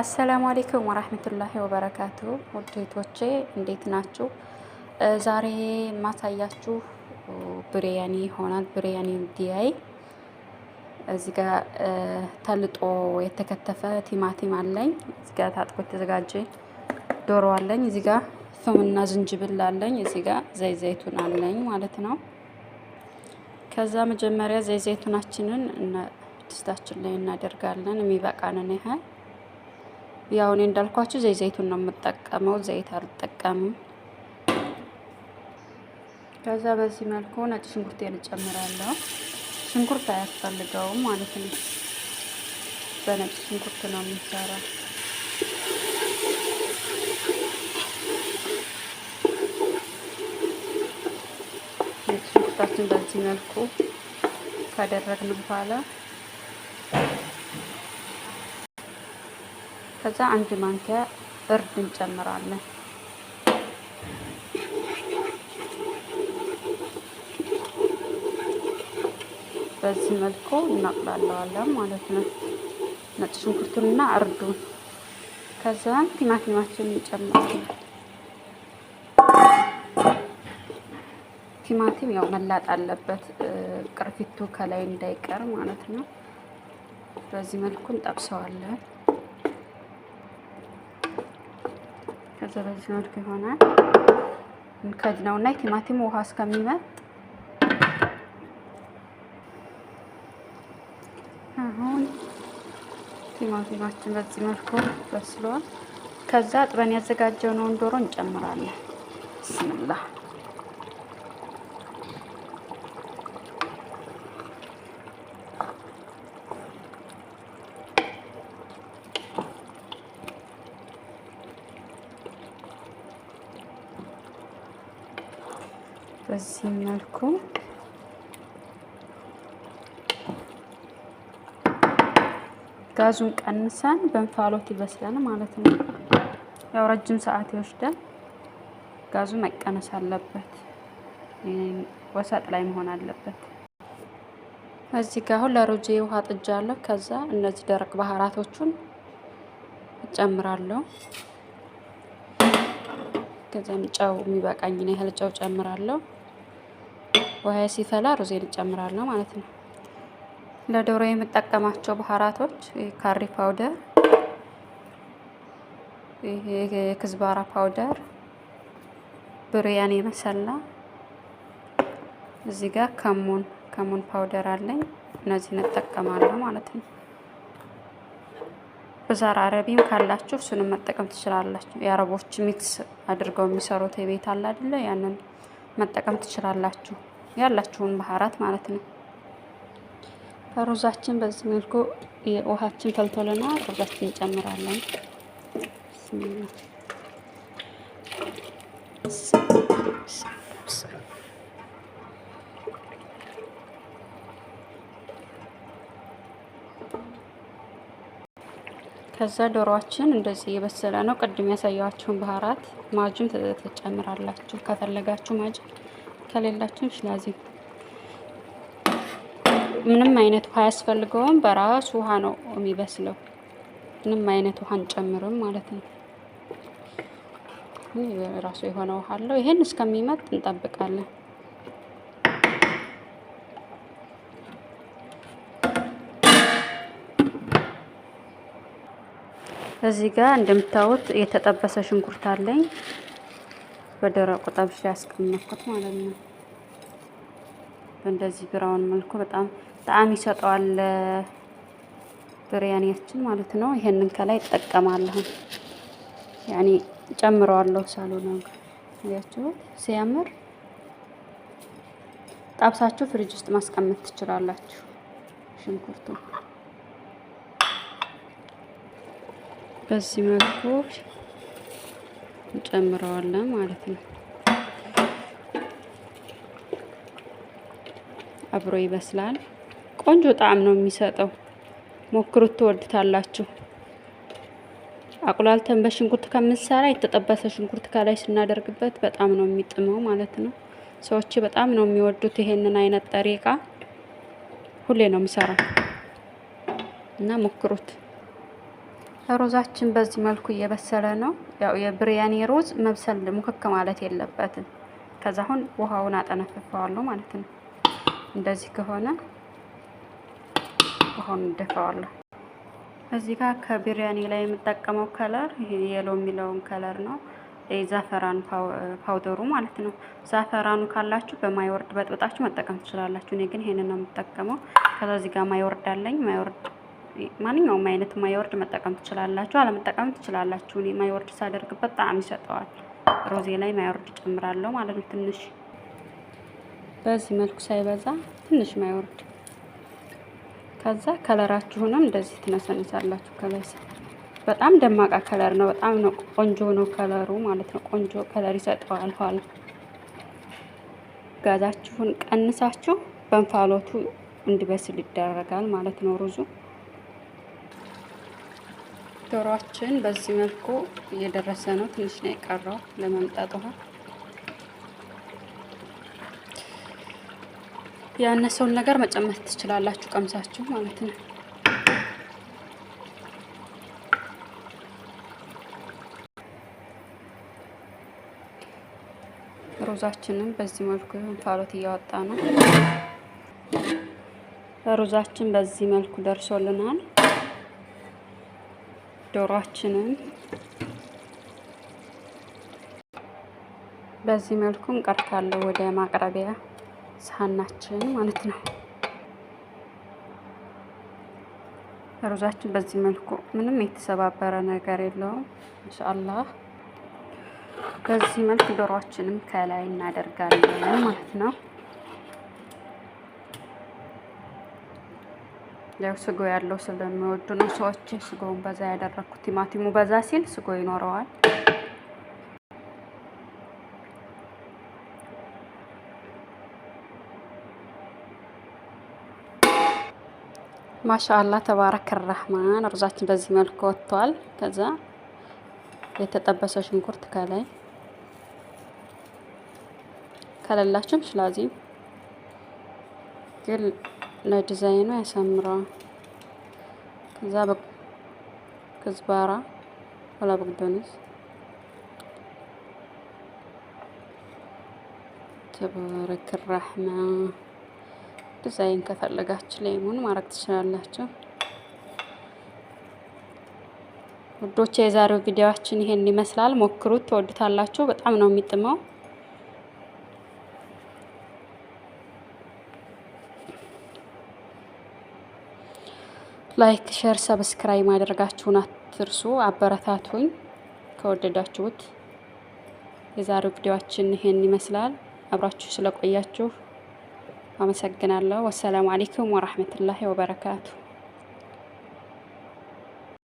አሰላሙ አሌይኩም ወራህመቱላሂ ወበረካቱ ውዴቶቼ እንዴት ናችሁ? ዛሬ የማሳያችሁ ብሪያኒ ይሆናል። ብሪያኒ ዲያይ እዚህ ጋ ተልጦ የተከተፈ ቲማቲም አለኝ። እዚህ ጋ ታጥቆ የተዘጋጀ ዶሮ አለኝ። እዚህ ጋ ፍምና ዝንጅብል አለኝ። እዚህ ጋ ዘይት ዘይቱን አለኝ ማለት ነው። ከዛ መጀመሪያ ዘይዘይቱናችንን ዘይቱናችንን ድስታችን ላይ እናደርጋለን የሚበቃንን ያህል ያው እኔ እንዳልኳችሁ ዘይ ዘይቱን ነው የምጠቀመው፣ ዘይት አልጠቀምም። ከዛ በዚህ መልኩ ነጭ ሽንኩርቴን እጨምራለሁ። ሽንኩርት አያስፈልገውም ማለት ነው። በነጭ ሽንኩርት ነው የሚሰራው። ነጭ ሽንኩርታችን በዚህ መልኩ ካደረግን በኋላ ከዛ አንድ ማንኪያ እርድ እንጨምራለን። በዚህ መልኩ እናቅላለዋለን ማለት ነው። ነጭ ሽንኩርቱንና እርዱን ከዛ ቲማቲማችን እንጨምራለን። ቲማቲም ያው መላጥ አለበት ቅርፊቱ ከላይ እንዳይቀር ማለት ነው። በዚህ መልኩ እንጠብሰዋለን። ከዛ በዚህ መልኩ ይሆናል። ውሃ እስከሚመጥ አሁን ቲማቲማችን በዚህ መልኩ በስሏል። ከዛ ጥበን ያዘጋጀው ነውን ዶሮ እንጨምራለን። ብስምላ በዚህ መልኩ ጋዙን ቀንሰን በእንፋሎት ይበስላል ማለት ነው። ያው ረጅም ሰዓት ይወስዳል። ጋዙ መቀነስ አለበት፣ ወሰጥ ላይ መሆን አለበት። እዚህ ጋር አሁን ለሮጄ ውሃ ጥጃለሁ። ከዛ እነዚህ ደረቅ ባህራቶቹን እጨምራለሁ። ከዛም ጨው ነው ያህል ጨው ጨምራለሁ። ውሃ ሲፈላ ሩዜ እጨምራለሁ ማለት ነው። ለዶሮ የምጠቀማቸው ባህራቶች ካሪ ፓውደር፣ የክዝባራ ፓውደር፣ ብርያኔ መሰላ፣ እዚህ ጋር ከሙን ከሙን ፓውደር አለኝ። እነዚህን እጠቀማለሁ ማለት ነው። ብዛር አረቢም ካላችሁ እሱንም መጠቀም ትችላላችሁ። የአረቦች ሚክስ አድርገው የሚሰሩት የቤት አለ አይደለ? ያንን መጠቀም ትችላላችሁ። ያላችሁን ባህራት ማለት ነው። ሩዛችን በዚህ መልኩ ውሃችን ፈልቶልና ሩዛችን እንጨምራለን። ከዛ ዶሮዋችን እንደዚህ የበሰለ ነው። ቅድም ያሳየዋችሁን ባህራት ማጁን ትጨምራላችሁ ከፈለጋችሁ ማጅን ከሌላችሁ ሽናዚ ምንም አይነት ውሃ ያስፈልገውም በራሱ ውሃ ነው የሚበስለው። ምንም አይነት ውሃ አንጨምርም ማለት ነው። ራሱ የሆነ ውሃ አለው። ይሄን እስከሚመጥ እንጠብቃለን። እዚህ ጋር እንደምታዩት የተጠበሰ ሽንኩርት አለኝ። በደረቁ ጠብሼ ያስቀመጥኩት ማለት ነው። በእንደዚህ ብራውን መልኩ በጣም ጣዕም ይሰጠዋል ብሪያኒያችን ማለት ነው። ይሄንን ከላይ እጠቀማለሁ ያኔ ጨምረዋለሁ። ሳሎና ያቸው ሲያምር ጣብሳችሁ ፍሪጅ ውስጥ ማስቀመጥ ትችላላችሁ። ሽንኩርቱ በዚህ መልኩ እንጨምረዋለን ማለት ነው። አብሮ ይበስላል። ቆንጆ ጣዕም ነው የሚሰጠው። ሞክሩት፣ ትወድታላችሁ። አቁላልተን በሽንኩርት ከምንሰራ የተጠበሰ ሽንኩርት ከላይ ስናደርግበት በጣም ነው የሚጥመው ማለት ነው። ሰዎች በጣም ነው የሚወዱት ይሄንን አይነት እቃ ሁሌ ነው የምሰራው እና ሞክሩት። ሮዛችን በዚህ መልኩ እየበሰለ ነው። ያው የብሪያኒ ሮዝ መብሰል ሙክክ ማለት የለበትም። ከዛ አሁን ውሃውን አጠነፍፈዋለሁ ማለት ነው። እንደዚህ ከሆነ ውሃውን እንደፈዋለሁ። እዚህ ጋር ከብሪያኒ ላይ የምጠቀመው ከለር ይሄ የሎ የሚለውን ከለር ነው። የዛፈራን ፓውደሩ ማለት ነው። ዛፈራኑ ካላችሁ በማይወርድ በጥብጣችሁ መጠቀም ትችላላችሁ። እኔ ግን ይሄንን ነው የምጠቀመው። ከዛ እዚህ ጋር ማይወርድ አለኝ ማይወርድ ማንኛውም አይነት ማይወርድ መጠቀም ትችላላችሁ፣ አለመጠቀም ትችላላችሁ። እኔ ማይወርድ ሳደርግበት ጣዕም ይሰጠዋል። ሮዜ ላይ ማይወርድ ጨምራለሁ ማለት ነው። ትንሽ በዚህ መልኩ ሳይበዛ ትንሽ ማይወርድ። ከዛ ከለራችሁንም እንደዚህ ትነሰንሳላችሁ ከላይ በጣም ደማቃ ከለር ነው። በጣም ነው ቆንጆ ነው ከለሩ ማለት ነው። ቆንጆ ከለር ይሰጠዋል። ኋላ ጋዛችሁን ቀንሳችሁ በእንፋሎቱ እንዲበስል ይደረጋል ማለት ነው ሩዙ ዶሮአችን በዚህ መልኩ እየደረሰ ነው። ትንሽ ነው የቀረው ለመምጣት ውሃ ያነሰውን ነገር መጨመር ትችላላችሁ፣ ቀምሳችሁ ማለት ነው። ሩዛችንም በዚህ መልኩ እንፋሎት እያወጣ ነው። ሩዛችን በዚህ መልኩ ደርሶልናል። ዶሯችንን በዚህ መልኩ እንቀርታለሁ ወደ ማቅረቢያ ሳህናችን ማለት ነው። ሩዛችን በዚህ መልኩ ምንም የተሰባበረ ነገር የለውም። እንሻአላህ በዚህ መልኩ ዶሯችንም ከላይ እናደርጋለን ማለት ነው። ያው ስጎ ያለው ስለሚወዱ ነው ሰዎች ስጎውን በዛ ያደረኩት። ቲማቲሙ በዛ ሲል ስጎ ይኖረዋል። ማሻአላ ተባረከ ረህማን። ሩዛችን በዚህ መልኩ ወጥቷል። ከዛ የተጠበሰ ሽንኩርት ከላይ ከሌላችሁም ግን ለዲዛይኑ ያሳምረዋል። ከዛ ክዝባራ በግዶንስ ተባረክ ራሕማ ዲዛይን ከፈለጋችሁ ሌሙን ማድረግ ትችላላችሁ። ውዶች የዛሬው ቪዲዮአችን ይሄን ይመስላል። ሞክሩት፣ ትወዱታላችሁ። በጣም ነው የሚጥመው። ላይክ፣ ሸር፣ ሰብስክራይብ ማድረጋችሁን አትርሱ። አበረታቱኝ ከወደዳችሁት። የዛሬው ቪዲዮአችን ይሄን ይመስላል። አብራችሁ ስለቆያችሁ አመሰግናለሁ። ወሰላሙ አሌይኩም ወራህመቱላሂ ወበረካቱሁ።